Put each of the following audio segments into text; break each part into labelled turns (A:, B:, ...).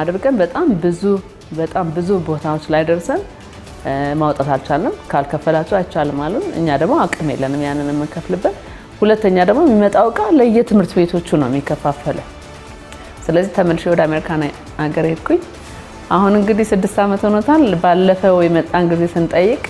A: አድርገን በጣም ብዙ በጣም ብዙ ቦታዎች ላይ ደርሰን ማውጣት አልቻለም። ካልከፈላቸው አይቻልም አሉን። እኛ ደግሞ አቅም የለንም ያንን የምንከፍልበት። ሁለተኛ ደግሞ የሚመጣው እቃ ለየትምህርት ቤቶቹ ነው የሚከፋፈለው። ስለዚህ ተመልሼ ወደ አሜሪካን ሀገር ሄድኩኝ። አሁን እንግዲህ ስድስት ዓመት ሆኖታል። ባለፈው የመጣን ጊዜ ስንጠይቅ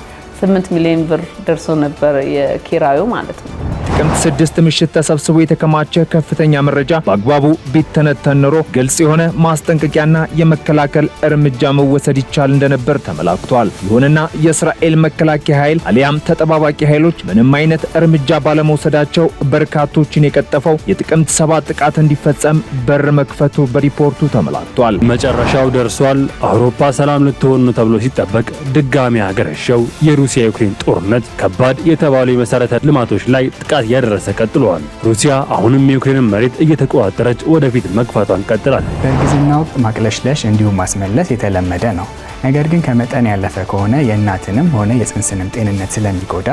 A: ስምንት ሚሊዮን ብር ደርሶ ነበር የኪራዩ ማለት ነው።
B: ጥቅምት ስድስት ምሽት ተሰብስቦ የተከማቸ ከፍተኛ መረጃ በአግባቡ ቢተነተን ኖሮ ግልጽ የሆነ ማስጠንቀቂያና የመከላከል እርምጃ መወሰድ ይቻል እንደነበር ተመላክቷል። ይሁንና የእስራኤል መከላከያ ኃይል አሊያም ተጠባባቂ ኃይሎች ምንም አይነት እርምጃ ባለመውሰዳቸው በርካቶችን የቀጠፈው የጥቅምት ሰባት ጥቃት እንዲፈጸም በር መክፈቱ በሪፖርቱ ተመላክቷል። መጨረሻው ደርሷል። አውሮፓ ሰላም ልትሆን ተብሎ ሲጠበቅ ድጋሚ ያገረሸው የሩሲያ ዩክሬን ጦርነት ከባድ የተባሉ የመሰረተ ልማቶች ላይ ጥቃት እያደረሰ ቀጥሏል። ሩሲያ አሁንም የዩክሬንን መሬት እየተቆጣጠረች ወደፊት መግፋቷን ቀጥላለች።
C: በእርግዝና ወቅት ማቅለሽለሽ እንዲሁም ማስመለስ የተለመደ ነው። ነገር ግን ከመጠን ያለፈ ከሆነ የእናትንም ሆነ የጽንስንም ጤንነት ስለሚጎዳ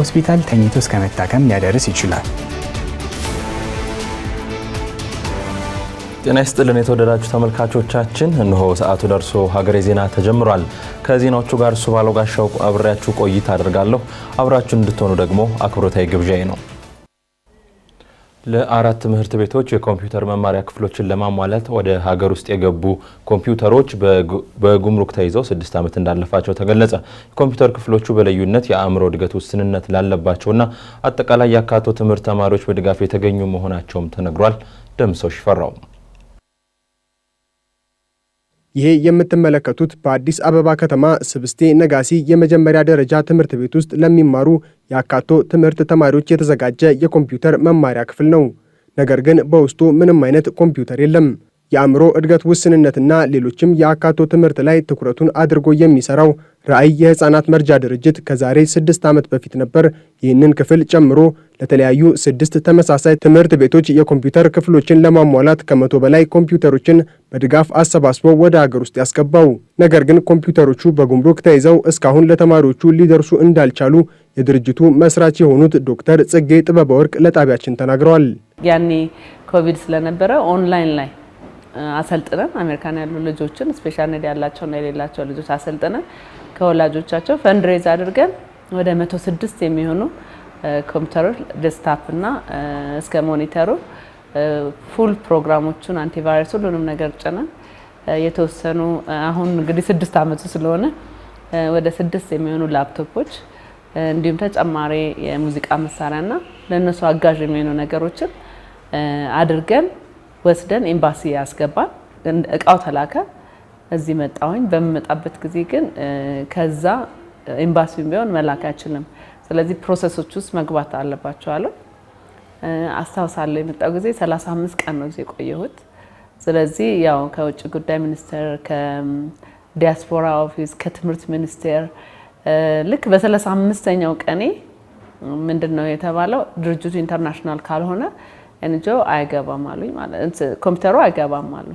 C: ሆስፒታል ተኝቶ እስከ መታከም ሊያደርስ ይችላል።
D: ጤና ይስጥልን የተወደዳችሁ ተመልካቾቻችን፣ እነሆ ሰዓቱ ደርሶ ሀገሬ ዜና ተጀምሯል። ከዜናዎቹ ጋር ሱባለው ጋሻው አብሬያችሁ ቆይታ አድርጋለሁ። አብራችሁን እንድትሆኑ ደግሞ አክብሮታዊ ግብዣዬ ነው። ለአራት ትምህርት ቤቶች የኮምፒውተር መማሪያ ክፍሎችን ለማሟላት ወደ ሀገር ውስጥ የገቡ ኮምፒውተሮች በጉምሩክ ተይዘው ስድስት ዓመት እንዳለፋቸው ተገለጸ። የኮምፒውተር ክፍሎቹ በልዩነት የአእምሮ እድገት ውስንነት ላለባቸውና አጠቃላይ ያካቶ ትምህርት ተማሪዎች በድጋፍ የተገኙ መሆናቸውም ተነግሯል። ደምሰው ሽፈራው
E: ይሄ የምትመለከቱት በአዲስ አበባ ከተማ ስብስቴ ነጋሲ የመጀመሪያ ደረጃ ትምህርት ቤት ውስጥ ለሚማሩ የአካቶ ትምህርት ተማሪዎች የተዘጋጀ የኮምፒውተር መማሪያ ክፍል ነው። ነገር ግን በውስጡ ምንም አይነት ኮምፒውተር የለም። የአእምሮ እድገት ውስንነትና ሌሎችም የአካቶ ትምህርት ላይ ትኩረቱን አድርጎ የሚሰራው ራዕይ የሕፃናት መርጃ ድርጅት ከዛሬ ስድስት ዓመት በፊት ነበር ይህንን ክፍል ጨምሮ ለተለያዩ ስድስት ተመሳሳይ ትምህርት ቤቶች የኮምፒውተር ክፍሎችን ለማሟላት ከመቶ በላይ ኮምፒውተሮችን በድጋፍ አሰባስቦ ወደ አገር ውስጥ ያስገባው። ነገር ግን ኮምፒውተሮቹ በጉምሩክ ተይዘው እስካሁን ለተማሪዎቹ ሊደርሱ እንዳልቻሉ የድርጅቱ መስራች የሆኑት ዶክተር ጽጌ ጥበበ ወርቅ ለጣቢያችን ተናግረዋል።
F: ያኔ ኮቪድ ስለነበረ ኦንላይን ላይ አሰልጥነን አሜሪካን ያሉ ልጆችን ስፔሻል ኔድ ያላቸውና የሌላቸው ልጆች አሰልጥነን ከወላጆቻቸው ፈንድሬዝ አድርገን ወደ መቶ ስድስት የሚሆኑ ኮምፒውተሩ ዴስክታፕና እስከ ሞኒተሩ ፉል ፕሮግራሞቹን አንቲቫይረስ ሁሉንም ነገር ጭነን የተወሰኑ አሁን እንግዲህ ስድስት ዓመቱ ስለሆነ ወደ ስድስት የሚሆኑ ላፕቶፖች እንዲሁም ተጨማሪ የሙዚቃ መሳሪያና ለእነሱ አጋዥ የሚሆኑ ነገሮችን አድርገን ወስደን ኤምባሲ ያስገባል። እቃው ተላከ፣ እዚህ መጣሁኝ። በምመጣበት ጊዜ ግን ከዛ ኤምባሲም ቢሆን መላክ አይችልም። ስለዚህ ፕሮሰሶች ውስጥ መግባት አለባቸው አሉ። አስታውሳለሁ የመጣው ጊዜ 35 ቀን ነው ጊዜ የቆየሁት። ስለዚህ ያው ከውጭ ጉዳይ ሚኒስቴር፣ ከዲያስፖራ ኦፊስ፣ ከትምህርት ሚኒስቴር ልክ 35 ኛው ቀኔ ምንድን ነው የተባለው ድርጅቱ ኢንተርናሽናል ካልሆነ እንጆ አይገባም አሉኝ። ማለት ኮምፒውተሩ አይገባም አሉ።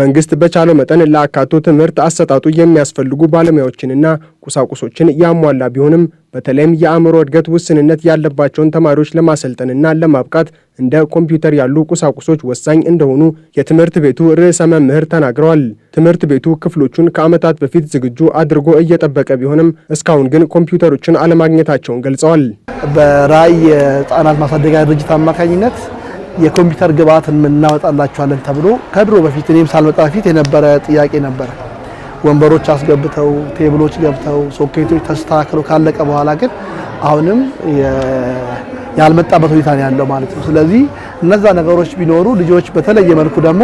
E: መንግስት በቻለው መጠን ለአካቶ ትምህርት አሰጣጡ የሚያስፈልጉ ባለሙያዎችንና ቁሳቁሶችን ያሟላ ቢሆንም በተለይም የአእምሮ እድገት ውስንነት ያለባቸውን ተማሪዎች ለማሰልጠንና ለማብቃት እንደ ኮምፒውተር ያሉ ቁሳቁሶች ወሳኝ እንደሆኑ የትምህርት ቤቱ ርዕሰ መምህር ተናግረዋል። ትምህርት ቤቱ ክፍሎቹን ከዓመታት በፊት ዝግጁ አድርጎ እየጠበቀ ቢሆንም እስካሁን ግን ኮምፒውተሮችን አለማግኘታቸውን ገልጸዋል።
G: በራዕይ የህጻናት ማሳደጊያ ድርጅት አማካኝነት የኮምፒውተር ግብአትን እናወጣላቸዋለን ተብሎ ከድሮ በፊት እኔም ሳልመጣ በፊት የነበረ ጥያቄ ነበረ። ወንበሮች አስገብተው ቴብሎች ገብተው ሶኬቶች ተስተካክለው ካለቀ በኋላ ግን አሁንም ያልመጣበት ሁኔታ ነው ያለው ማለት ነው። ስለዚህ እነዛ ነገሮች ቢኖሩ ልጆች በተለየ መልኩ ደግሞ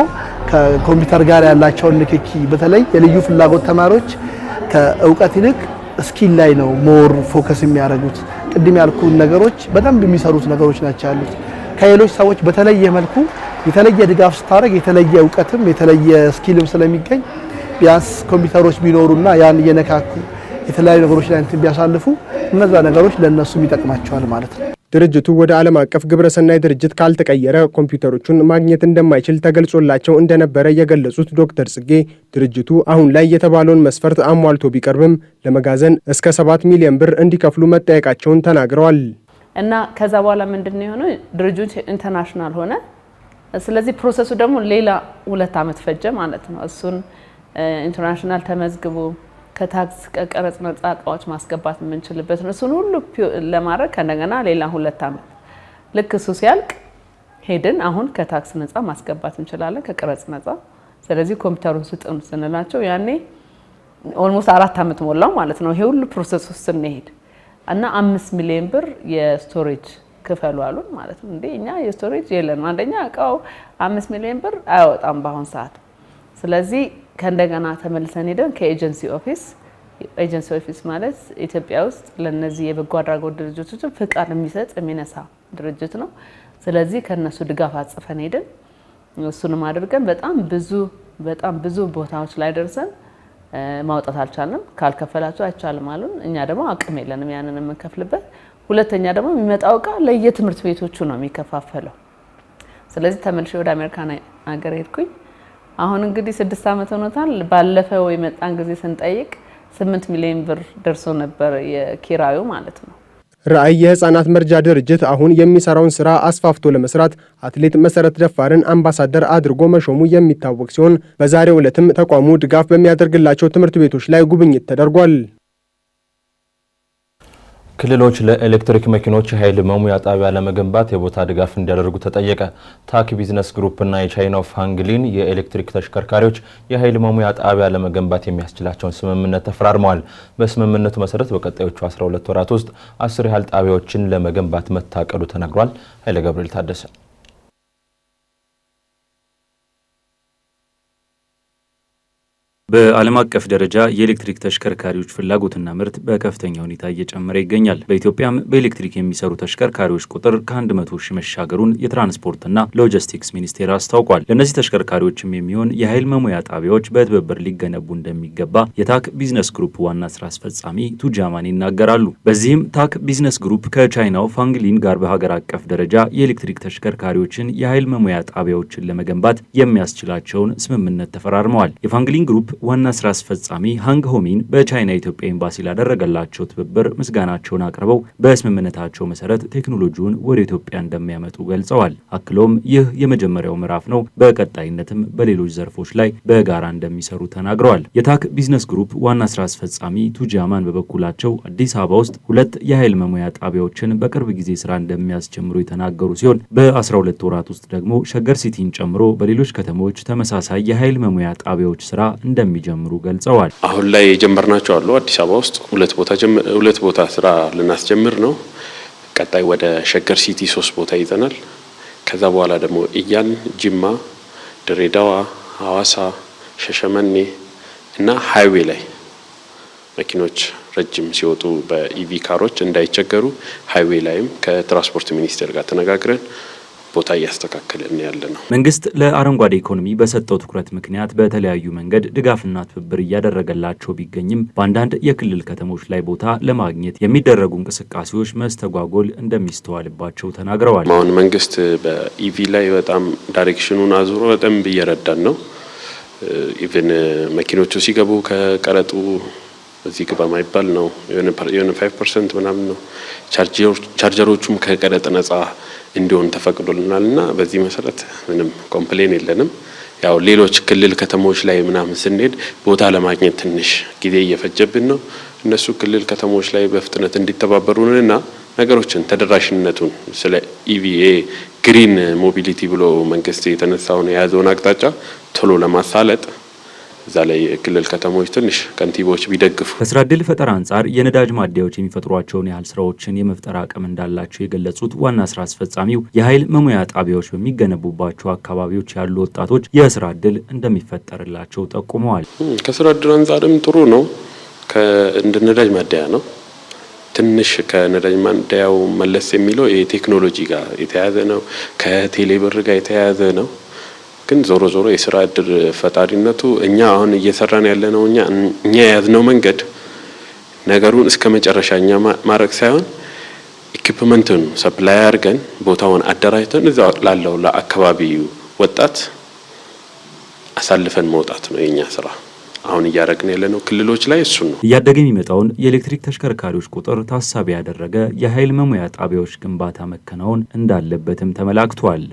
G: ከኮምፒውተር ጋር ያላቸውን ንክኪ በተለይ የልዩ ፍላጎት ተማሪዎች ከእውቀት ይልቅ ስኪል ላይ ነው ሞር ፎከስ የሚያደርጉት። ቅድም ያልኩን ነገሮች በደንብ የሚሰሩት ነገሮች ናቸው ያሉት። ከሌሎች ሰዎች በተለየ መልኩ የተለየ ድጋፍ ስታደርግ የተለየ እውቀትም የተለየ ስኪልም ስለሚገኝ ቢያንስ ኮምፒውተሮች ቢኖሩና ያን እየነካኩ የተለያዩ ነገሮች ላይ እንትን ቢያሳልፉ እነዛ ነገሮች ለእነሱም ይጠቅማቸዋል ማለት ነው።
E: ድርጅቱ ወደ ዓለም አቀፍ ግብረሰናይ ድርጅት ካልተቀየረ ኮምፒውተሮቹን ማግኘት እንደማይችል ተገልጾላቸው እንደነበረ የገለጹት ዶክተር ጽጌ ድርጅቱ አሁን ላይ የተባለውን መስፈርት አሟልቶ ቢቀርብም ለመጋዘን እስከ ሰባት ሚሊዮን ብር እንዲከፍሉ መጠየቃቸውን ተናግረዋል።
F: እና ከዛ በኋላ ምንድን ነው የሆነው ድርጅቱ ኢንተርናሽናል ሆነ። ስለዚህ ፕሮሰሱ ደግሞ ሌላ ሁለት ዓመት ፈጀ ማለት ነው እሱን ኢንተርናሽናል ተመዝግቦ ከታክስ ከቀረጽ ነጻ እቃዎች ማስገባት የምንችልበት ነው። እሱን ሁሉ ለማድረግ ከእንደገና ሌላ ሁለት ዓመት ልክ እሱ ሲያልቅ ሄድን አሁን ከታክስ ነጻ ማስገባት እንችላለን፣ ከቀረጽ ነጻ። ስለዚህ ኮምፒውተሩን ስጡን ስንላቸው ያኔ ኦልሞስት አራት ዓመት ሞላው ማለት ነው። ይሄ ሁሉ ፕሮሰስ ውስጥ ስንሄድ እና አምስት ሚሊዮን ብር የስቶሬጅ ክፈሉ አሉን ማለት ነው። እንዴ እኛ የስቶሬጅ የለንም። አንደኛ እቃው አምስት ሚሊዮን ብር አያወጣም በአሁን ሰዓት ስለዚህ ከእንደገና ተመልሰን ሄደን ከኤጀንሲ ኦፊስ ኤጀንሲ ኦፊስ ማለት ኢትዮጵያ ውስጥ ለነዚህ የበጎ አድራጎት ድርጅቶችን ፍቃድ የሚሰጥ የሚነሳ ድርጅት ነው። ስለዚህ ከነሱ ድጋፍ አጽፈን ሄደን እሱንም አድርገን በጣም ብዙ በጣም ብዙ ቦታዎች ላይ ደርሰን ማውጣት አልቻለም። ካልከፈላችሁ አይቻልም አሉን። እኛ ደግሞ አቅም የለንም ያንን የምንከፍልበት። ሁለተኛ ደግሞ የሚመጣው እቃ ለየትምህርት ቤቶቹ ነው የሚከፋፈለው። ስለዚህ ተመልሼ ወደ አሜሪካን ሀገር ሄድኩኝ። አሁን እንግዲህ ስድስት ዓመት ሆኖታል። ባለፈው የመጣን ጊዜ ስንጠይቅ ስምንት ሚሊዮን ብር ደርሶ ነበር የኪራዩ ማለት ነው።
E: ራዕይ የህፃናት መርጃ ድርጅት አሁን የሚሰራውን ስራ አስፋፍቶ ለመስራት አትሌት መሰረት ደፋርን አምባሳደር አድርጎ መሾሙ የሚታወቅ ሲሆን በዛሬው ዕለትም ተቋሙ ድጋፍ በሚያደርግላቸው ትምህርት ቤቶች ላይ ጉብኝት ተደርጓል።
D: ክልሎች ለኤሌክትሪክ መኪኖች የኃይል መሙያ ጣቢያ ለመገንባት የቦታ ድጋፍ እንዲያደርጉ ተጠየቀ። ታክ ቢዝነስ ግሩፕና የቻይናው ፋንግሊን የኤሌክትሪክ ተሽከርካሪዎች የኃይል መሙያ ጣቢያ ለመገንባት የሚያስችላቸውን ስምምነት ተፈራርመዋል። በስምምነቱ መሰረት በቀጣዮቹ 12 ወራት ውስጥ አስር ያህል ጣቢያዎችን ለመገንባት መታቀዱ ተነግሯል። ኃይለ ገብርኤል ታደሰ
B: በዓለም አቀፍ ደረጃ የኤሌክትሪክ ተሽከርካሪዎች ፍላጎትና ምርት በከፍተኛ ሁኔታ እየጨመረ ይገኛል። በኢትዮጵያም በኤሌክትሪክ የሚሰሩ ተሽከርካሪዎች ቁጥር ከ100 ሺህ መሻገሩን የትራንስፖርትና ሎጂስቲክስ ሚኒስቴር አስታውቋል። ለእነዚህ ተሽከርካሪዎችም የሚሆን የኃይል መሙያ ጣቢያዎች በትብብር ሊገነቡ እንደሚገባ የታክ ቢዝነስ ግሩፕ ዋና ስራ አስፈጻሚ ቱጃማን ይናገራሉ። በዚህም ታክ ቢዝነስ ግሩፕ ከቻይናው ፋንግሊን ጋር በሀገር አቀፍ ደረጃ የኤሌክትሪክ ተሽከርካሪዎችን የኃይል መሙያ ጣቢያዎችን ለመገንባት የሚያስችላቸውን ስምምነት ተፈራርመዋል። የፋንግሊን ግሩፕ ዋና ስራ አስፈጻሚ ሃንግ ሆሚን በቻይና ኢትዮጵያ ኤምባሲ ላደረገላቸው ትብብር ምስጋናቸውን አቅርበው በስምምነታቸው መሰረት ቴክኖሎጂውን ወደ ኢትዮጵያ እንደሚያመጡ ገልጸዋል። አክሎም ይህ የመጀመሪያው ምዕራፍ ነው፣ በቀጣይነትም በሌሎች ዘርፎች ላይ በጋራ እንደሚሰሩ ተናግረዋል። የታክ ቢዝነስ ግሩፕ ዋና ስራ አስፈጻሚ ቱጃማን በበኩላቸው አዲስ አበባ ውስጥ ሁለት የኃይል መሙያ ጣቢያዎችን በቅርብ ጊዜ ስራ እንደሚያስጀምሩ የተናገሩ ሲሆን በ12 ወራት ውስጥ ደግሞ ሸገር ሲቲን ጨምሮ በሌሎች ከተሞች ተመሳሳይ የኃይል መሙያ ጣቢያዎች ስራ እንደሚ እንደሚጀምሩ ገልጸዋል።
H: አሁን ላይ የጀመርናቸው አሉ። አዲስ አበባ ውስጥ ሁለት ቦታ ሁለት ቦታ ስራ ልናስጀምር ነው። ቀጣይ ወደ ሸገር ሲቲ ሶስት ቦታ ይዘናል። ከዛ በኋላ ደግሞ እያን፣ ጅማ፣ ድሬዳዋ፣ ሀዋሳ፣ ሸሸመኔ እና ሀይዌ ላይ መኪኖች ረጅም ሲወጡ በኢቪ ካሮች እንዳይቸገሩ ሀይዌ ላይም ከትራንስፖርት ሚኒስቴር ጋር ተነጋግረን ቦታ እያስተካከልን ያለ ነው።
B: መንግስት ለአረንጓዴ ኢኮኖሚ በሰጠው ትኩረት ምክንያት በተለያዩ መንገድ ድጋፍና ትብብር እያደረገላቸው ቢገኝም በአንዳንድ የክልል ከተሞች ላይ ቦታ ለማግኘት የሚደረጉ እንቅስቃሴዎች መስተጓጎል እንደሚስተዋልባቸው ተናግረዋል።
I: አሁን መንግስት በኢቪ ላይ በጣም ዳይሬክሽኑን አዙሮ በጣም እየረዳን ነው። ኢቨን መኪኖቹ ሲገቡ ከቀረጡ እዚህ ግባ ማይባል ነው። የሆነ ፋይቭ ፐርሰንት ምናምን ነው። ቻርጀሮቹም ከቀረጥ ነጻ እንዲሆን ተፈቅዶልናል እና በዚህ መሰረት ምንም ኮምፕሌን የለንም። ያው ሌሎች ክልል ከተሞች ላይ ምናምን ስንሄድ ቦታ ለማግኘት ትንሽ ጊዜ እየፈጀብን ነው። እነሱ ክልል ከተሞች ላይ በፍጥነት እንዲተባበሩንና ነገሮችን ተደራሽነቱን ስለ ኢቪኤ ግሪን ሞቢሊቲ ብሎ መንግስት የተነሳውን የያዘውን አቅጣጫ ቶሎ ለማሳለጥ እዛ ላይ ክልል ከተሞች ትንሽ ከንቲቦች ቢደግፉ
B: ከስራ እድል ፈጠራ አንጻር የነዳጅ ማደያዎች የሚፈጥሯቸውን ያህል ስራዎችን የመፍጠር አቅም እንዳላቸው የገለጹት ዋና ስራ አስፈጻሚው የኃይል መሙያ ጣቢያዎች በሚገነቡባቸው አካባቢዎች ያሉ ወጣቶች የስራ እድል እንደሚፈጠርላቸው ጠቁመዋል።
I: ከስራ እድል አንጻርም ጥሩ ነው። እንደ ነዳጅ ማደያ ነው። ትንሽ ከነዳጅ ማደያው መለስ የሚለው የቴክኖሎጂ ጋር የተያያዘ ነው። ከቴሌብር ጋር የተያያዘ ነው። ግን ዞሮ ዞሮ የስራ እድል ፈጣሪነቱ እኛ አሁን እየሰራን ያለነው እኛ እኛ የያዝነው መንገድ ነገሩን እስከ መጨረሻ እኛ ማድረግ ሳይሆን ኢኩፕመንቱን ሰፕላይ አድርገን ቦታውን አደራጅተን እዛ ላለው ለአካባቢው ወጣት አሳልፈን መውጣት ነው የኛ ስራ። አሁን እያደረግን ያለነው ክልሎች ላይ እሱ ነው።
B: እያደገ የሚመጣውን የኤሌክትሪክ ተሽከርካሪዎች ቁጥር ታሳቢ ያደረገ የኃይል መሙያ ጣቢያዎች ግንባታ መከናወን እንዳለበትም ተመላክቷል።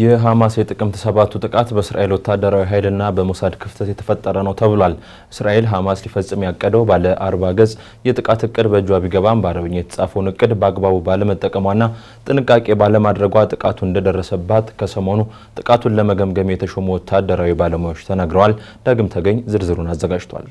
D: የሐማስ የጥቅምት ሰባቱ ጥቃት በእስራኤል ወታደራዊ ኃይልና በሞሳድ ክፍተት የተፈጠረ ነው ተብሏል። እስራኤል ሐማስ ሊፈጽም ያቀደው ባለ አርባ ገጽ የጥቃት እቅድ በእጇ ቢገባም በአረብኛ የተጻፈውን እቅድ በአግባቡ ባለመጠቀሟና ጥንቃቄ ባለማድረጓ ጥቃቱ እንደደረሰባት ከሰሞኑ ጥቃቱን ለመገምገም የተሾሙ ወታደራዊ ባለሙያዎች ተናግረዋል። ዳግም ተገኝ ዝርዝሩን አዘጋጅቷል።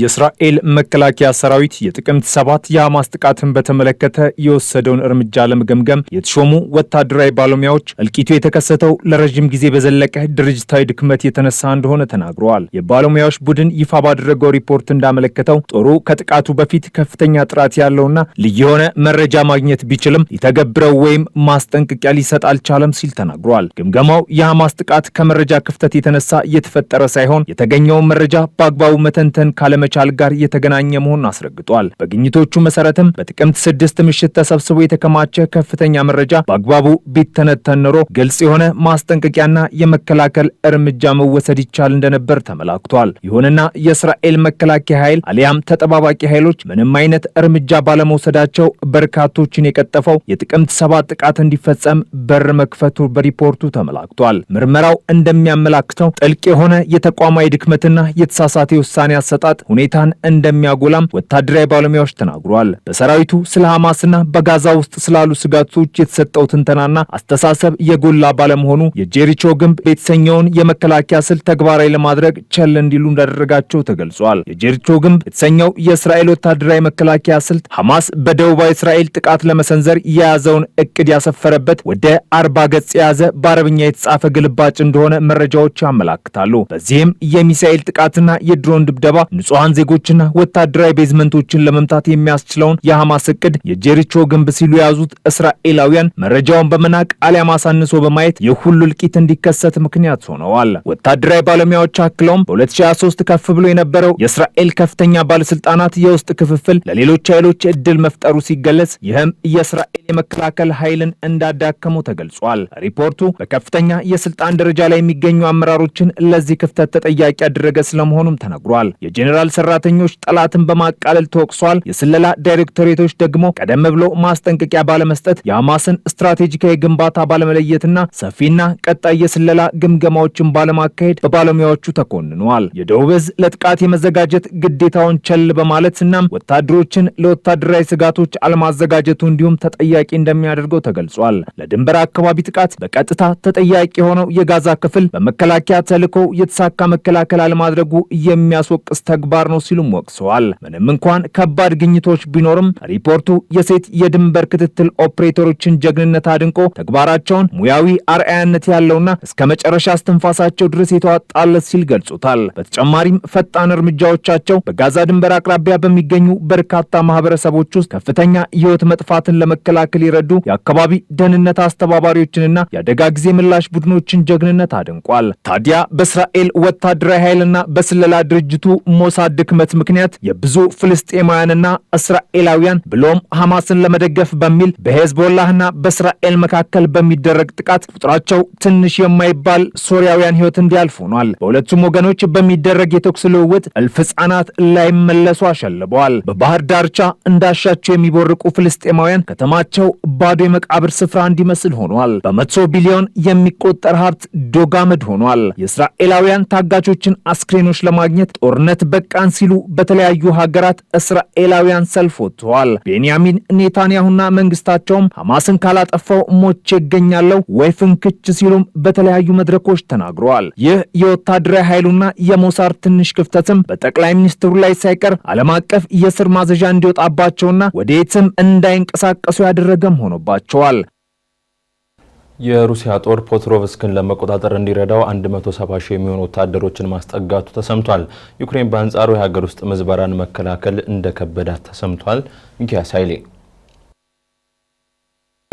B: የእስራኤል መከላከያ ሰራዊት የጥቅምት ሰባት የሐማስ ጥቃትን በተመለከተ የወሰደውን እርምጃ ለመገምገም የተሾሙ ወታደራዊ ባለሙያዎች እልቂቱ የተከሰተው ለረዥም ጊዜ በዘለቀ ድርጅታዊ ድክመት የተነሳ እንደሆነ ተናግረዋል። የባለሙያዎች ቡድን ይፋ ባደረገው ሪፖርት እንዳመለከተው ጦሩ ከጥቃቱ በፊት ከፍተኛ ጥራት ያለውና ልዩ የሆነ መረጃ ማግኘት ቢችልም ሊተገብረው ወይም ማስጠንቀቂያ ሊሰጥ አልቻለም ሲል ተናግሯል። ግምገማው የሐማስ ጥቃት ከመረጃ ክፍተት የተነሳ እየተፈጠረ ሳይሆን የተገኘውን መረጃ በአግባቡ መተንተን ካለመ መቻል ጋር የተገናኘ መሆኑን አስረግጧል። በግኝቶቹ መሰረትም በጥቅምት ስድስት ምሽት ተሰብስቦ የተከማቸ ከፍተኛ መረጃ በአግባቡ ቢተነተን ኖሮ ግልጽ የሆነ ማስጠንቀቂያና የመከላከል እርምጃ መወሰድ ይቻል እንደነበር ተመላክቷል። ይሁንና የእስራኤል መከላከያ ኃይል አሊያም ተጠባባቂ ኃይሎች ምንም አይነት እርምጃ ባለመውሰዳቸው በርካቶችን የቀጠፈው የጥቅምት ሰባት ጥቃት እንዲፈጸም በር መክፈቱ በሪፖርቱ ተመላክቷል። ምርመራው እንደሚያመላክተው ጥልቅ የሆነ የተቋማዊ ድክመትና የተሳሳተ ውሳኔ አሰጣጥ ሁኔታን እንደሚያጎላም ወታደራዊ ባለሙያዎች ተናግሯል። በሰራዊቱ ስለ ሐማስና በጋዛ ውስጥ ስላሉ ስጋቶች የተሰጠው ትንተናና አስተሳሰብ የጎላ ባለመሆኑ የጄሪቾ ግንብ የተሰኘውን የመከላከያ ስልት ተግባራዊ ለማድረግ ቸል እንዲሉ እንዳደረጋቸው ተገልጿል። የጄሪቾ ግንብ የተሰኘው የእስራኤል ወታደራዊ መከላከያ ስልት ሐማስ በደቡባዊ እስራኤል ጥቃት ለመሰንዘር የያዘውን እቅድ ያሰፈረበት ወደ አርባ ገጽ የያዘ በአረብኛ የተጻፈ ግልባጭ እንደሆነ መረጃዎች ያመላክታሉ። በዚህም የሚሳኤል ጥቃትና የድሮን ድብደባ ንጹ ንጹሐን ዜጎችና ወታደራዊ ቤዝመንቶችን ለመምታት የሚያስችለውን የሐማስ እቅድ የጀሪቾ ግንብ ሲሉ የያዙት እስራኤላውያን መረጃውን በመናቅ አሊያም አሳንሶ በማየት የሁሉ እልቂት እንዲከሰት ምክንያት ሆነዋል። ወታደራዊ ባለሙያዎች አክለውም በ2023 ከፍ ብሎ የነበረው የእስራኤል ከፍተኛ ባለስልጣናት የውስጥ ክፍፍል ለሌሎች ኃይሎች እድል መፍጠሩ ሲገለጽ፣ ይህም የእስራኤል የመከላከል ኃይልን እንዳዳከመው ተገልጿል። ሪፖርቱ በከፍተኛ የስልጣን ደረጃ ላይ የሚገኙ አመራሮችን ለዚህ ክፍተት ተጠያቂ ያደረገ ስለመሆኑም ተነግሯል። የጄኔራል የፌዴራል ሰራተኞች ጠላትን በማቃለል ተወቅሷል። የስለላ ዳይሬክቶሬቶች ደግሞ ቀደም ብሎ ማስጠንቀቂያ ባለመስጠት የሐማስን ስትራቴጂካዊ ግንባታ ባለመለየትና ሰፊና ቀጣይ የስለላ ግምገማዎችን ባለማካሄድ በባለሙያዎቹ ተኮንነዋል። የደቡብ እዝ ለጥቃት የመዘጋጀት ግዴታውን ቸል በማለት እናም ወታደሮችን ለወታደራዊ ስጋቶች አለማዘጋጀቱ እንዲሁም ተጠያቂ እንደሚያደርገው ተገልጿል። ለድንበር አካባቢ ጥቃት በቀጥታ ተጠያቂ የሆነው የጋዛ ክፍል በመከላከያ ተልዕኮ የተሳካ መከላከል አለማድረጉ የሚያስወቅስ ተግባር ከባድ ነው ሲሉም ወቅሰዋል። ምንም እንኳን ከባድ ግኝቶች ቢኖርም ሪፖርቱ የሴት የድንበር ክትትል ኦፕሬተሮችን ጀግንነት አድንቆ ተግባራቸውን ሙያዊ አርአያነት ያለውና እስከ መጨረሻ እስትንፋሳቸው ድረስ የተዋጣለት ሲል ገልጾታል። በተጨማሪም ፈጣን እርምጃዎቻቸው በጋዛ ድንበር አቅራቢያ በሚገኙ በርካታ ማህበረሰቦች ውስጥ ከፍተኛ የህይወት መጥፋትን ለመከላከል የረዱ የአካባቢ ደህንነት አስተባባሪዎችንና የአደጋ ጊዜ ምላሽ ቡድኖችን ጀግንነት አድንቋል። ታዲያ በእስራኤል ወታደራዊ ኃይልና በስለላ ድርጅቱ ሞሳ ድክመት ምክንያት የብዙ ፍልስጤማውያንና እስራኤላውያን ብሎም ሐማስን ለመደገፍ በሚል በሄዝቦላህና በእስራኤል መካከል በሚደረግ ጥቃት ቁጥራቸው ትንሽ የማይባል ሶሪያውያን ሕይወት እንዲያልፍ ሆኗል። በሁለቱም ወገኖች በሚደረግ የተኩስ ልውውጥ እልፍ ሕጻናት ላይመለሱ አሸልበዋል። በባህር ዳርቻ እንዳሻቸው የሚቦርቁ ፍልስጤማውያን ከተማቸው ባዶ የመቃብር ስፍራ እንዲመስል ሆኗል። በመቶ ቢሊዮን የሚቆጠር ሀብት ዶግ ሆኗል። የእስራኤላውያን ታጋቾችን አስክሬኖች ለማግኘት ጦርነት በቀ አበቃን ሲሉ በተለያዩ ሀገራት እስራኤላውያን ሰልፍ ወጥተዋል። ቤንያሚን ኔታንያሁና መንግስታቸውም ሐማስን ካላጠፋው ሞቼ ይገኛለሁ ወይ ፍንክች ሲሉም በተለያዩ መድረኮች ተናግረዋል። ይህ የወታደራዊ ኃይሉና የሞሳር ትንሽ ክፍተትም በጠቅላይ ሚኒስትሩ ላይ ሳይቀር ዓለም አቀፍ የስር ማዘዣ እንዲወጣባቸውና የትም እንዳይንቀሳቀሱ ያደረገም ሆኖባቸዋል።
D: የሩሲያ ጦር ፖትሮቭስክን ለመቆጣጠር እንዲረዳው 170 ሺህ የሚሆኑ ወታደሮችን ማስጠጋቱ ተሰምቷል። ዩክሬን በአንጻሩ የሀገር ውስጥ ምዝበራን መከላከል እንደከበዳት ተሰምቷል። ሚኪያስ ኃይሌ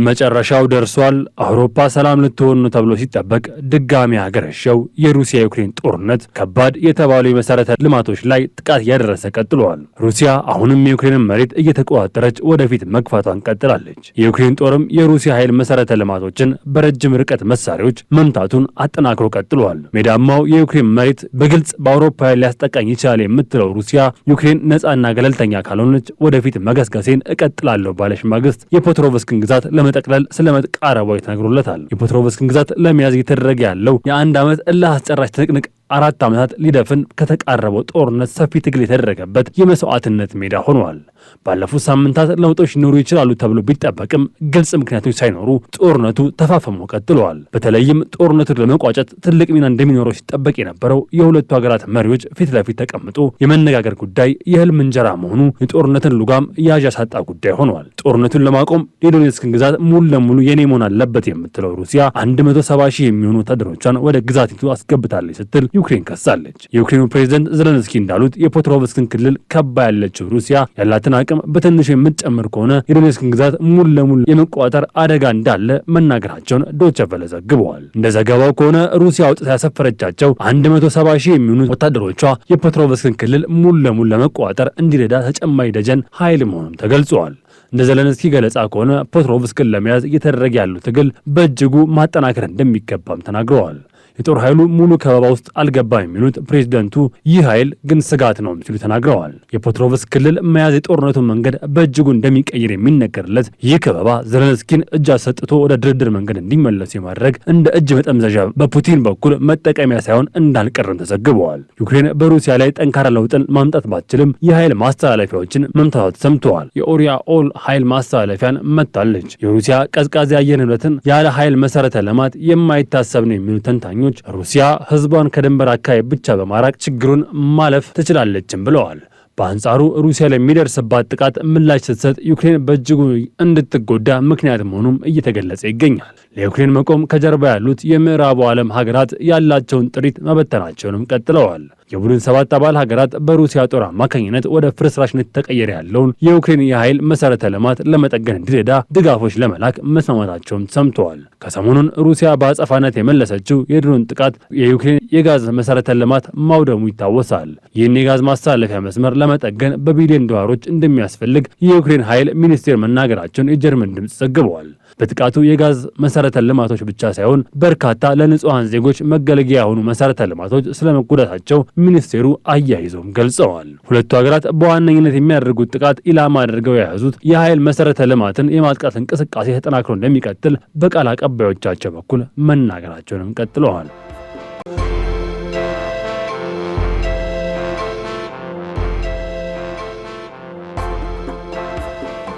B: መጨረሻው ደርሷል። አውሮፓ ሰላም ልትሆን ነው ተብሎ ሲጠበቅ ድጋሚ ያገረሸው የሩሲያ ዩክሬን ጦርነት ከባድ የተባሉ የመሰረተ ልማቶች ላይ ጥቃት እያደረሰ ቀጥሏል። ሩሲያ አሁንም የዩክሬንን መሬት እየተቆጣጠረች ወደፊት መግፋቷን ቀጥላለች። የዩክሬን ጦርም የሩሲያ ኃይል መሰረተ ልማቶችን በረጅም ርቀት መሳሪያዎች መምታቱን አጠናክሮ ቀጥሏል። ሜዳማው የዩክሬን መሬት በግልጽ በአውሮፓ ኃይል ሊያስጠቃኝ ይችላል የምትለው ሩሲያ ዩክሬን ነፃና ገለልተኛ ካልሆነች ወደፊት መገስገሴን እቀጥላለሁ ባለች ማግስት የፖትሮቭስክን ግዛት ለመጠቅለል ስለመቃረቧ ተነግሮለታል። የፔትሮቭስክን ግዛት ለመያዝ እየተደረገ ያለው የአንድ ዓመት እልህ አስጨራሽ ትንቅንቅ አራት ዓመታት ሊደፍን ከተቃረበው ጦርነት ሰፊ ትግል የተደረገበት የመስዋዕትነት ሜዳ ሆኗል። ባለፉት ሳምንታት ለውጦች ሊኖሩ ይችላሉ ተብሎ ቢጠበቅም ግልጽ ምክንያቶች ሳይኖሩ ጦርነቱ ተፋፍሞ ቀጥለዋል። በተለይም ጦርነቱን ለመቋጨት ትልቅ ሚና እንደሚኖረው ሲጠበቅ የነበረው የሁለቱ ሀገራት መሪዎች ፊት ለፊት ተቀምጦ የመነጋገር ጉዳይ የህልም እንጀራ መሆኑ የጦርነትን ልጓም ያዥ ያሳጣ ጉዳይ ሆኗል። ጦርነቱን ለማቆም የዶኔትስክን ግዛት ሙሉ ለሙሉ የኔ መሆን አለበት የምትለው ሩሲያ 170 ሺህ የሚሆኑ ወታደሮቿን ወደ ግዛቲቱ አስገብታለች ስትል ዩክሬን ከሳለች። የዩክሬኑ ፕሬዝደንት ዘለንስኪ እንዳሉት የፖትሮቭስክን ክልል ከባ ያለችው ሩሲያ ያላትን አቅም በትንሹ የምትጨምር ከሆነ የዶኔስክን ግዛት ሙሉ ለሙሉ የመቆጣጠር አደጋ እንዳለ መናገራቸውን ዶቸቨለ ዘግበዋል። እንደ ዘገባው ከሆነ ሩሲያ አውጥታ ያሰፈረቻቸው 170 ሺህ የሚሆኑ ወታደሮቿ የፖትሮቭስክን ክልል ሙሉ ለሙሉ ለመቆጣጠር እንዲረዳ ተጨማሪ ደጀን ኃይል መሆኑም ተገልጿል። እንደ ዘለንስኪ ገለጻ ከሆነ ፖትሮቭስክን ለመያዝ እየተደረገ ያለው ትግል በእጅጉ ማጠናከር እንደሚገባም ተናግረዋል። የጦር ኃይሉ ሙሉ ከበባ ውስጥ አልገባም የሚሉት ፕሬዚደንቱ ይህ ኃይል ግን ስጋት ነው ሲሉ ተናግረዋል። የፖትሮቭስክ ክልል መያዝ የጦርነቱን መንገድ በእጅጉ እንደሚቀይር የሚነገርለት ይህ ከበባ ዘለንስኪን እጅ አሰጥቶ ወደ ድርድር መንገድ እንዲመለሱ የማድረግ እንደ እጅ መጠምዘዣ በፑቲን በኩል መጠቀሚያ ሳይሆን እንዳልቀርም ተዘግበዋል። ዩክሬን በሩሲያ ላይ ጠንካራ ለውጥን ማምጣት ባትችልም የኃይል ማስተላለፊያዎችን መምታቷ ሰምተዋል። የኦሪያ ኦል ኃይል ማስተላለፊያን መታለች። የሩሲያ ቀዝቃዛ አየር ንብረትን ያለ ኃይል መሰረተ ልማት የማይታሰብ ነው የሚሉት ተንታኞች ተንታኞች ሩሲያ ህዝቧን ከድንበር አካባቢ ብቻ በማራቅ ችግሩን ማለፍ ትችላለችም ብለዋል። በአንጻሩ ሩሲያ ለሚደርስባት ጥቃት ምላሽ ስትሰጥ ዩክሬን በእጅጉ እንድትጎዳ ምክንያት መሆኑም እየተገለጸ ይገኛል። ለዩክሬን መቆም ከጀርባ ያሉት የምዕራቡ ዓለም ሀገራት ያላቸውን ጥሪት መበተናቸውንም ቀጥለዋል። የቡድን ሰባት አባል ሀገራት በሩሲያ ጦር አማካኝነት ወደ ፍርስራሽነት ተቀየረ ያለውን የዩክሬን የኃይል መሠረተ ልማት ለመጠገን እንዲረዳ ድጋፎች ለመላክ መስማማታቸውም ሰምተዋል። ከሰሞኑን ሩሲያ በአጸፋነት የመለሰችው የድሮን ጥቃት የዩክሬን የጋዝ መሠረተ ልማት ማውደሙ ይታወሳል። ይህን የጋዝ ማስተላለፊያ መስመር ለመጠገን በቢሊዮን ዶላሮች እንደሚያስፈልግ የዩክሬን ኃይል ሚኒስቴር መናገራቸውን የጀርመን ድምፅ ዘግበዋል። በጥቃቱ የጋዝ መሰረተ ልማቶች ብቻ ሳይሆን በርካታ ለንጹሐን ዜጎች መገለጊያ የሆኑ መሰረተ ልማቶች ስለመጎዳታቸው ሚኒስቴሩ አያይዞም ገልጸዋል። ሁለቱ ሀገራት በዋነኝነት የሚያደርጉት ጥቃት ኢላማ አድርገው የያዙት የኃይል መሰረተ ልማትን የማጥቃት እንቅስቃሴ ተጠናክሮ እንደሚቀጥል በቃል አቀባዮቻቸው በኩል መናገራቸውንም ቀጥለዋል።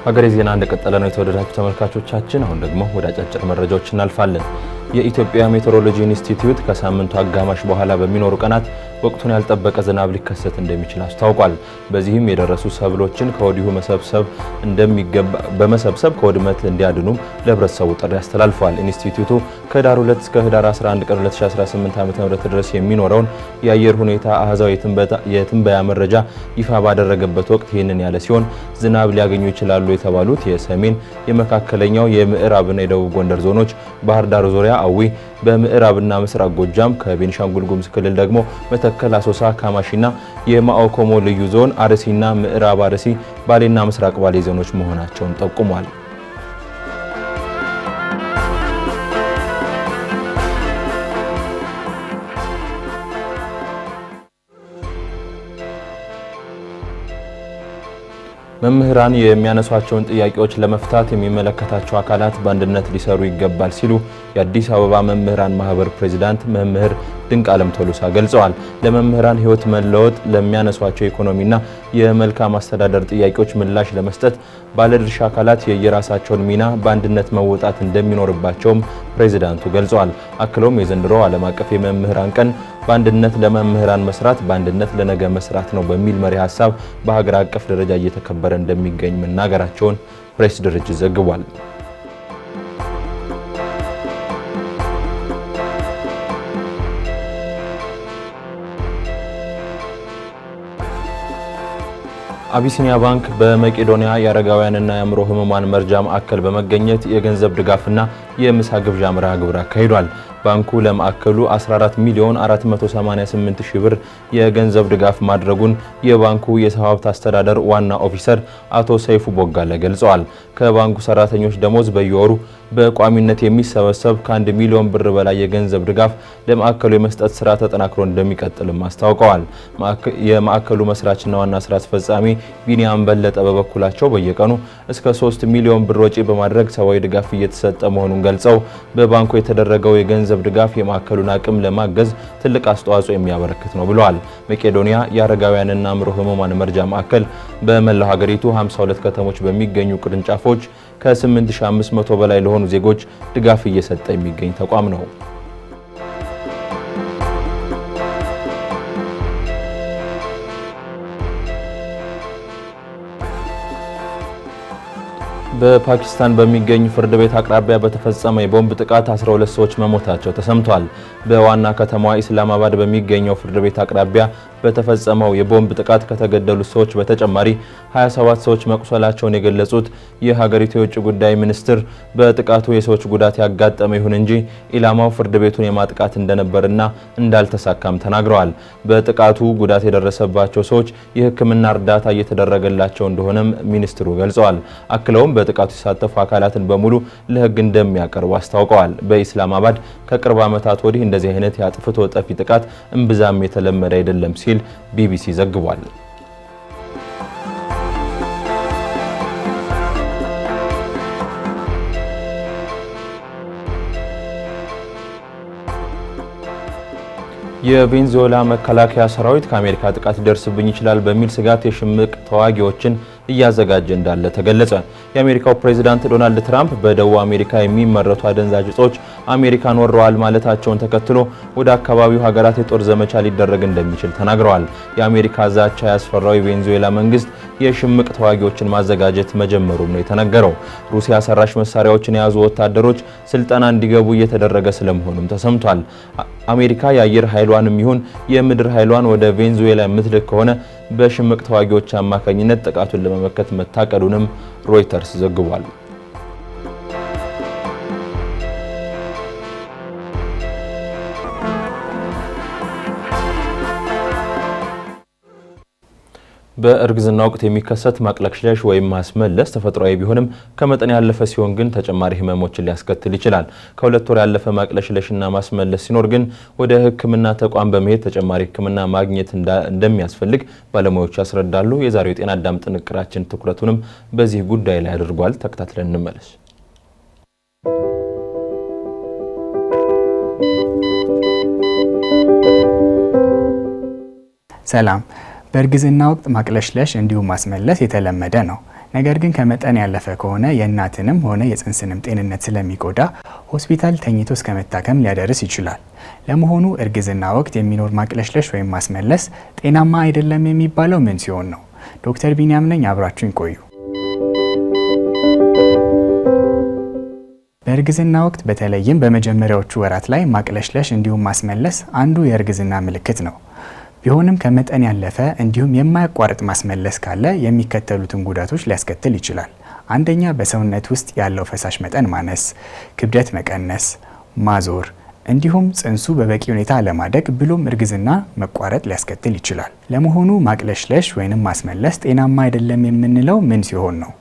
D: ሀገሬ ዜና እንደቀጠለ ነው የተወደዳችሁ ተመልካቾቻችን። አሁን ደግሞ ወደ አጫጭር መረጃዎች እናልፋለን። የኢትዮጵያ ሜትሮሎጂ ኢንስቲትዩት ከሳምንቱ አጋማሽ በኋላ በሚኖሩ ቀናት ወቅቱን ያልጠበቀ ዝናብ ሊከሰት እንደሚችል አስታውቋል። በዚህም የደረሱ ሰብሎችን ከወዲሁ መሰብሰብ እንደሚገባ በመሰብሰብ ከውድመት እንዲያድኑም ለህብረተሰቡ ጥሪ አስተላልፏል። ኢንስቲትዩቱ ከህዳር 2 እስከ ህዳር 11 ቀን 2018 ዓ.ም ድረስ የሚኖረውን የአየር ሁኔታ አህዛዊ የትንበያ መረጃ ይፋ ባደረገበት ወቅት ይህንን ያለ ሲሆን ዝናብ ሊያገኙ ይችላሉ የተባሉት የሰሜን፣ የመካከለኛው፣ የምዕራብና የደቡብ ጎንደር ዞኖች፣ ባህር ዳር ዙሪያ አዊ፣ በምዕራብና ምስራቅ ጎጃም ከቤኒሻንጉል ጉሙዝ ክልል ደግሞ መተከል፣ አሶሳ፣ ካማሽና የማኦኮሞ ልዩ ዞን አርሲና ምዕራብ አርሲ፣ ባሌና ምስራቅ ባሌ ዞኖች መሆናቸውን ጠቁሟል። መምህራን የሚያነሷቸውን ጥያቄዎች ለመፍታት የሚመለከታቸው አካላት በአንድነት ሊሰሩ ይገባል ሲሉ የአዲስ አበባ መምህራን ማህበር ፕሬዚዳንት መምህር ድንቅ አለም ቶሎሳ ገልጸዋል። ለመምህራን ህይወት መለወጥ ለሚያነሷቸው ኢኮኖሚና የመልካም አስተዳደር ጥያቄዎች ምላሽ ለመስጠት ባለድርሻ አካላት የየራሳቸውን ሚና በአንድነት መወጣት እንደሚኖርባቸውም ፕሬዚዳንቱ ገልጸዋል። አክለውም የዘንድሮ ዓለም አቀፍ የመምህራን ቀን በአንድነት ለመምህራን መስራት በአንድነት ለነገ መስራት ነው በሚል መሪ ሀሳብ በሀገር አቀፍ ደረጃ እየተከበረ እንደሚገኝ መናገራቸውን ፕሬስ ድርጅት ዘግቧል። አቢሲኒያ ባንክ በመቄዶንያ የአረጋውያንና የአእምሮ ህሙማን መርጃ ማዕከል በመገኘት የገንዘብ ድጋፍና የምሳ ግብዣ መርሃ ግብር አካሂዷል። ባንኩ ለማዕከሉ 14 ሚሊዮን 488 ሺህ ብር የገንዘብ ድጋፍ ማድረጉን የባንኩ የሰው ሀብት አስተዳደር ዋና ኦፊሰር አቶ ሰይፉ ቦጋለ ገልጸዋል። ከባንኩ ሰራተኞች ደሞዝ በየወሩ በቋሚነት የሚሰበሰብ ከአንድ ሚሊዮን ብር በላይ የገንዘብ ድጋፍ ለማዕከሉ የመስጠት ስራ ተጠናክሮ እንደሚቀጥልም አስታውቀዋል። የማዕከሉ መስራችና ዋና ስራ አስፈጻሚ ቢኒያም በለጠ በበኩላቸው በየቀኑ እስከ 3 ሚሊዮን ብር ወጪ በማድረግ ሰብአዊ ድጋፍ እየተሰጠ መሆኑን ገልጸው በባንኩ የተደረገው የገንዘብ የገንዘብ ድጋፍ የማዕከሉን አቅም ለማገዝ ትልቅ አስተዋጽኦ የሚያበረክት ነው ብለዋል። መቄዶንያ የአረጋውያንና አእምሮ ህሙማን መርጃ ማዕከል በመላው ሀገሪቱ 52 ከተሞች በሚገኙ ቅርንጫፎች ከ8500 በላይ ለሆኑ ዜጎች ድጋፍ እየሰጠ የሚገኝ ተቋም ነው። በፓኪስታን በሚገኝ ፍርድ ቤት አቅራቢያ በተፈጸመ የቦምብ ጥቃት 12 ሰዎች መሞታቸው ተሰምቷል። በዋና ከተማዋ ኢስላማባድ በሚገኘው ፍርድ ቤት አቅራቢያ በተፈጸመው የቦምብ ጥቃት ከተገደሉት ሰዎች በተጨማሪ 27 ሰዎች መቁሰላቸውን የገለጹት የሀገሪቱ የውጭ ጉዳይ ሚኒስትር በጥቃቱ የሰዎች ጉዳት ያጋጠመ ይሁን እንጂ ኢላማው ፍርድ ቤቱን የማጥቃት እንደነበርና እንዳልተሳካም ተናግረዋል። በጥቃቱ ጉዳት የደረሰባቸው ሰዎች የሕክምና እርዳታ እየተደረገላቸው እንደሆነም ሚኒስትሩ ገልጸዋል። አክለውም በጥቃቱ የተሳተፉ አካላትን በሙሉ ለሕግ እንደሚያቀርቡ አስታውቀዋል። በኢስላማባድ ከቅርብ ዓመታት ወዲህ እንደዚህ አይነት የአጥፍቶ ጠፊ ጥቃት እምብዛም የተለመደ አይደለም ሲል ቢቢሲ ዘግቧል። የቬንዙዌላ መከላከያ ሰራዊት ከአሜሪካ ጥቃት ሊደርስብኝ ይችላል በሚል ስጋት የሽምቅ ተዋጊዎችን እያዘጋጀ እንዳለ ተገለጸ። የአሜሪካው ፕሬዚዳንት ዶናልድ ትራምፕ በደቡብ አሜሪካ የሚመረቱ አደንዛዥ እጾች አሜሪካን ወረዋል ማለታቸውን ተከትሎ ወደ አካባቢው ሀገራት የጦር ዘመቻ ሊደረግ እንደሚችል ተናግረዋል። የአሜሪካ ዛቻ ያስፈራው የቬንዙዌላ መንግስት የሽምቅ ተዋጊዎችን ማዘጋጀት መጀመሩም ነው የተነገረው። ሩሲያ ሰራሽ መሳሪያዎችን የያዙ ወታደሮች ስልጠና እንዲገቡ እየተደረገ ስለመሆኑም ተሰምቷል። አሜሪካ የአየር ኃይሏንም ይሁን የምድር ኃይሏን ወደ ቬንዙዌላ የምትልክ ከሆነ በሽምቅ ተዋጊዎች አማካኝነት ጥቃቱን ለመመከት መታቀዱንም ሮይተርስ ዘግቧል። በእርግዝና ወቅት የሚከሰት ማቅለሽለሽ ወይም ማስመለስ ተፈጥሯዊ ቢሆንም ከመጠን ያለፈ ሲሆን ግን ተጨማሪ ህመሞችን ሊያስከትል ይችላል። ከሁለት ወር ያለፈ ማቅለሽለሽና ማስመለስ ሲኖር ግን ወደ ሕክምና ተቋም በመሄድ ተጨማሪ ሕክምና ማግኘት እንደሚያስፈልግ ባለሙያዎች ያስረዳሉ። የዛሬው የጤና አዳም ጥንቅራችን ትኩረቱንም በዚህ ጉዳይ ላይ አድርጓል። ተከታትለን እንመለስ።
C: ሰላም በእርግዝና ወቅት ማቅለሽለሽ እንዲሁም ማስመለስ የተለመደ ነው። ነገር ግን ከመጠን ያለፈ ከሆነ የእናትንም ሆነ የፅንስንም ጤንነት ስለሚጎዳ ሆስፒታል ተኝቶ እስከ መታከም ሊያደርስ ይችላል። ለመሆኑ እርግዝና ወቅት የሚኖር ማቅለሽለሽ ወይም ማስመለስ ጤናማ አይደለም የሚባለው ምን ሲሆን ነው? ዶክተር ቢንያም ነኝ። አብራችሁን ቆዩ። በእርግዝና ወቅት በተለይም በመጀመሪያዎቹ ወራት ላይ ማቅለሽለሽ እንዲሁም ማስመለስ አንዱ የእርግዝና ምልክት ነው። ቢሆንም ከመጠን ያለፈ እንዲሁም የማያቋርጥ ማስመለስ ካለ የሚከተሉትን ጉዳቶች ሊያስከትል ይችላል። አንደኛ፣ በሰውነት ውስጥ ያለው ፈሳሽ መጠን ማነስ፣ ክብደት መቀነስ፣ ማዞር እንዲሁም ጽንሱ በበቂ ሁኔታ አለማደግ ብሎም እርግዝና መቋረጥ ሊያስከትል ይችላል። ለመሆኑ ማቅለሽለሽ ወይንም ማስመለስ ጤናማ አይደለም የምንለው ምን ሲሆን ነው?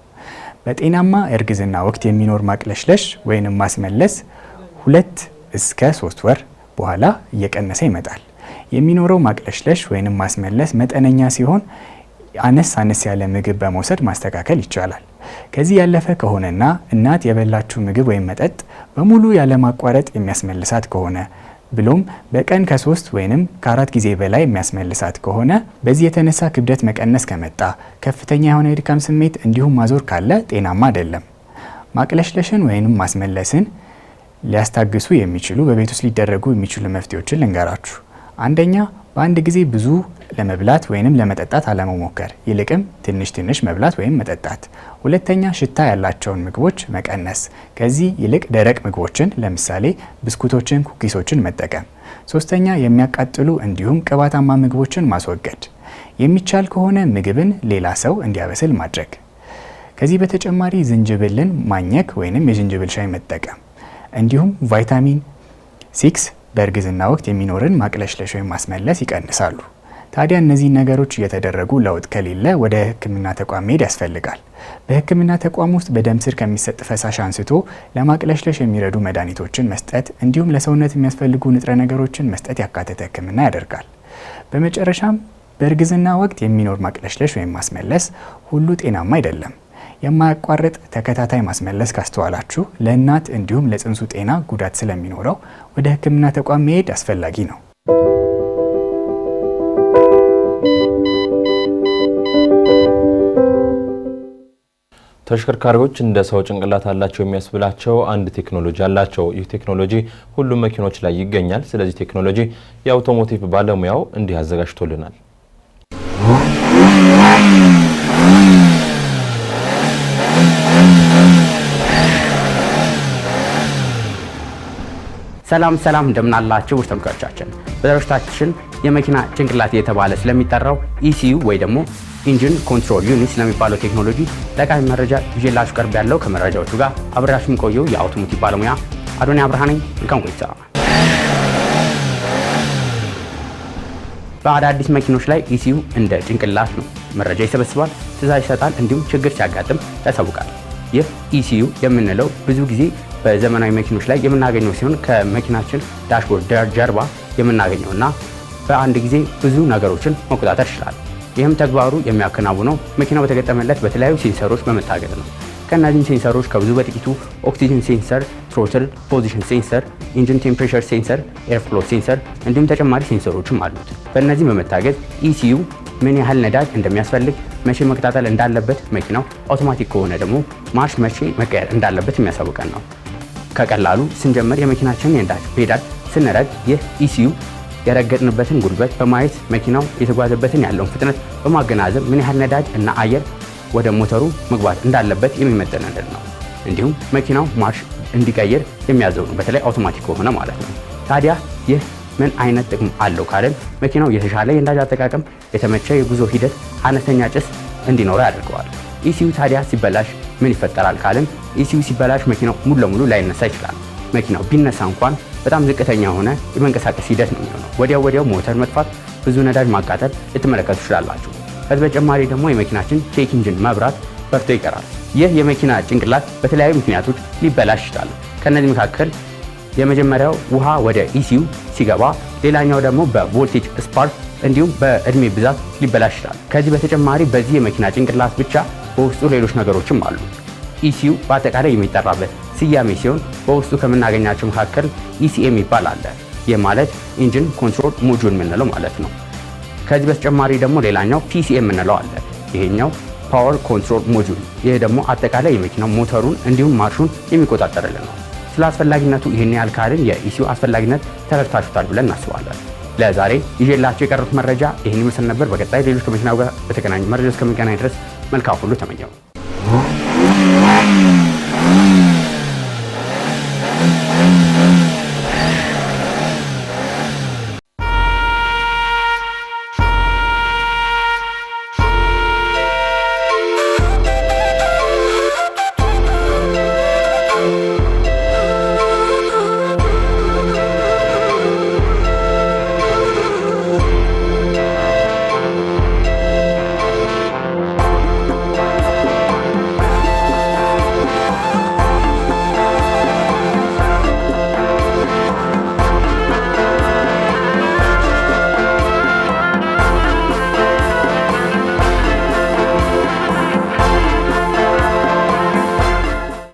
C: በጤናማ እርግዝና ወቅት የሚኖር ማቅለሽለሽ ወይንም ማስመለስ ሁለት እስከ ሶስት ወር በኋላ እየቀነሰ ይመጣል። የሚኖረው ማቅለሽለሽ ወይም ማስመለስ መጠነኛ ሲሆን አነስ አነስ ያለ ምግብ በመውሰድ ማስተካከል ይቻላል። ከዚህ ያለፈ ከሆነና እናት የበላችው ምግብ ወይም መጠጥ በሙሉ ያለማቋረጥ የሚያስመልሳት ከሆነ ብሎም በቀን ከሶስት ወይም ከአራት ጊዜ በላይ የሚያስመልሳት ከሆነ በዚህ የተነሳ ክብደት መቀነስ ከመጣ፣ ከፍተኛ የሆነ የድካም ስሜት እንዲሁም ማዞር ካለ ጤናማ አይደለም። ማቅለሽለሽን ወይም ማስመለስን ሊያስታግሱ የሚችሉ በቤት ውስጥ ሊደረጉ የሚችሉ መፍትሄዎችን ልንገራችሁ። አንደኛ በአንድ ጊዜ ብዙ ለመብላት ወይንም ለመጠጣት አለመሞከር፣ ይልቅም ትንሽ ትንሽ መብላት ወይም መጠጣት። ሁለተኛ ሽታ ያላቸውን ምግቦች መቀነስ፣ ከዚህ ይልቅ ደረቅ ምግቦችን ለምሳሌ ብስኩቶችን፣ ኩኪሶችን መጠቀም። ሶስተኛ የሚያቃጥሉ እንዲሁም ቅባታማ ምግቦችን ማስወገድ፣ የሚቻል ከሆነ ምግብን ሌላ ሰው እንዲያበስል ማድረግ። ከዚህ በተጨማሪ ዝንጅብልን ማኘክ ወይንም የዝንጅብል ሻይ መጠቀም እንዲሁም ቫይታሚን ሲክስ በእርግዝና ወቅት የሚኖርን ማቅለሽለሽ ወይም ማስመለስ ይቀንሳሉ። ታዲያ እነዚህ ነገሮች እየተደረጉ ለውጥ ከሌለ ወደ ሕክምና ተቋም መሄድ ያስፈልጋል። በሕክምና ተቋም ውስጥ በደም ስር ከሚሰጥ ፈሳሽ አንስቶ ለማቅለሽለሽ የሚረዱ መድኃኒቶችን መስጠት እንዲሁም ለሰውነት የሚያስፈልጉ ንጥረ ነገሮችን መስጠት ያካተተ ሕክምና ያደርጋል። በመጨረሻም በእርግዝና ወቅት የሚኖር ማቅለሽለሽ ወይም ማስመለስ ሁሉ ጤናማ አይደለም። የማያቋርጥ ተከታታይ ማስመለስ ካስተዋላችሁ ለእናት እንዲሁም ለጽንሱ ጤና ጉዳት ስለሚኖረው ወደ ሕክምና ተቋም መሄድ አስፈላጊ ነው።
D: ተሽከርካሪዎች እንደ ሰው ጭንቅላት አላቸው የሚያስብላቸው አንድ ቴክኖሎጂ አላቸው። ይህ ቴክኖሎጂ ሁሉም መኪኖች ላይ ይገኛል። ስለዚህ ቴክኖሎጂ የአውቶሞቲቭ ባለሙያው እንዲህ አዘጋጅቶልናል። ሰላም ሰላም እንደምናላችሁ ውድ ተመልካቾቻችን፣ በዝግጅታችን የመኪና ጭንቅላት የተባለ ስለሚጠራው ኢሲዩ ወይ ደግሞ ኢንጂን ኮንትሮል ዩኒት ስለሚባለው ቴክኖሎጂ ጠቃሚ መረጃ ይዤላችሁ ቀርብ ያለው ከመረጃዎቹ ጋር አብሬያችሁ የምቆየው የአውቶሞቲቭ ባለሙያ አዶኒ አብርሃ ነኝ። መልካም ቆይታ። በአዳዲስ መኪኖች ላይ ኢሲዩ እንደ ጭንቅላት ነው። መረጃ ይሰበስባል፣ ትዕዛዝ ይሰጣል፣ እንዲሁም ችግር ሲያጋጥም ያሳውቃል። ይህ ኢሲዩ የምንለው ብዙ ጊዜ በዘመናዊ መኪኖች ላይ የምናገኘው ሲሆን ከመኪናችን ዳሽቦርድ ጀርባ የምናገኘው እና በአንድ ጊዜ ብዙ ነገሮችን መቆጣጠር ይችላል። ይህም ተግባሩ የሚያከናውነው መኪናው በተገጠመለት በተለያዩ ሴንሰሮች በመታገዝ ነው። ከእነዚህም ሴንሰሮች ከብዙ በጥቂቱ ኦክሲጅን ሴንሰር፣ ትሮትል ፖዚሽን ሴንሰር፣ ኢንጂን ቴምፕሬቸር ሴንሰር፣ ኤርፍሎ ሴንሰር እንዲሁም ተጨማሪ ሴንሰሮችም አሉት። በእነዚህም በመታገዝ ኢሲዩ ምን ያህል ነዳጅ እንደሚያስፈልግ፣ መቼ መቀጣጠል እንዳለበት መኪናው፣ አውቶማቲክ ከሆነ ደግሞ ማርሽ መቼ መቀየር እንዳለበት የሚያሳውቀን ነው። ከቀላሉ ስንጀምር የመኪናችንን የነዳጅ ፔዳል ስንረድ ይህ ኢሲዩ የረገጥንበትን ጉልበት በማየት መኪናው የተጓዘበትን ያለውን ፍጥነት በማገናዘብ ምን ያህል ነዳጅ እና አየር ወደ ሞተሩ መግባት እንዳለበት የሚመጠንልን ነው። እንዲሁም መኪናው ማርሽ እንዲቀይር የሚያዘው ነው፣ በተለይ አውቶማቲክ ከሆነ ማለት ነው። ታዲያ ይህ ምን አይነት ጥቅም አለው ካልን መኪናው የተሻለ የነዳጅ አጠቃቀም፣ የተመቸ የጉዞ ሂደት፣ አነስተኛ ጭስ እንዲኖረው ያደርገዋል። ኢሲዩ ታዲያ ሲበላሽ ምን ይፈጠራል ካልን ኢሲዩ ሲበላሽ መኪናው ሙሉ ለሙሉ ላይነሳ ይችላል። መኪናው ቢነሳ እንኳን በጣም ዝቅተኛ የሆነ የመንቀሳቀስ ሂደት ነው የሚሆነው። ወዲያው ወዲያው ሞተር መጥፋት፣ ብዙ ነዳጅ ማቃጠል ልትመለከቱ ትችላላችሁ። በተጨማሪ ደግሞ የመኪናችን ቼክ ኢንጂን መብራት በርቶ ይቀራል። ይህ የመኪና ጭንቅላት በተለያዩ ምክንያቶች ሊበላሽ ይችላል። ከእነዚህ መካከል የመጀመሪያው ውሃ ወደ ኢሲዩ ሲገባ፣ ሌላኛው ደግሞ በቮልቴጅ ስፓርክ እንዲሁም በእድሜ ብዛት ሊበላሽ ይችላል። ከዚህ በተጨማሪ በዚህ የመኪና ጭንቅላት ብቻ በውስጡ ሌሎች ነገሮችም አሉ። ኢሲዩ በአጠቃላይ የሚጠራበት ስያሜ ሲሆን በውስጡ ከምናገኛቸው መካከል ኢሲኤም የሚባል አለ። ይህ ማለት ኢንጂን ኮንትሮል ሞጁል የምንለው ማለት ነው። ከዚህ በተጨማሪ ደግሞ ሌላኛው ፒሲኤ የምንለው አለ። ይሄኛው ፓወር ኮንትሮል ሞጁል፣ ይህ ደግሞ አጠቃላይ የመኪናው ሞተሩን እንዲሁም ማርሹን የሚቆጣጠርልን ነው። ስለ አስፈላጊነቱ ይህን ያህል ካልን የኢሲዩ አስፈላጊነት ተረድታችሁታል ብለን እናስባለን። ለዛሬ ይዤላቸው የቀሩት መረጃ ይህን ይመስል ነበር። በቀጣይ ሌሎች ከመኪናው ጋር መረጃ እስከምንገናኝ ድረስ መልካም ሁሉ ተመኘው።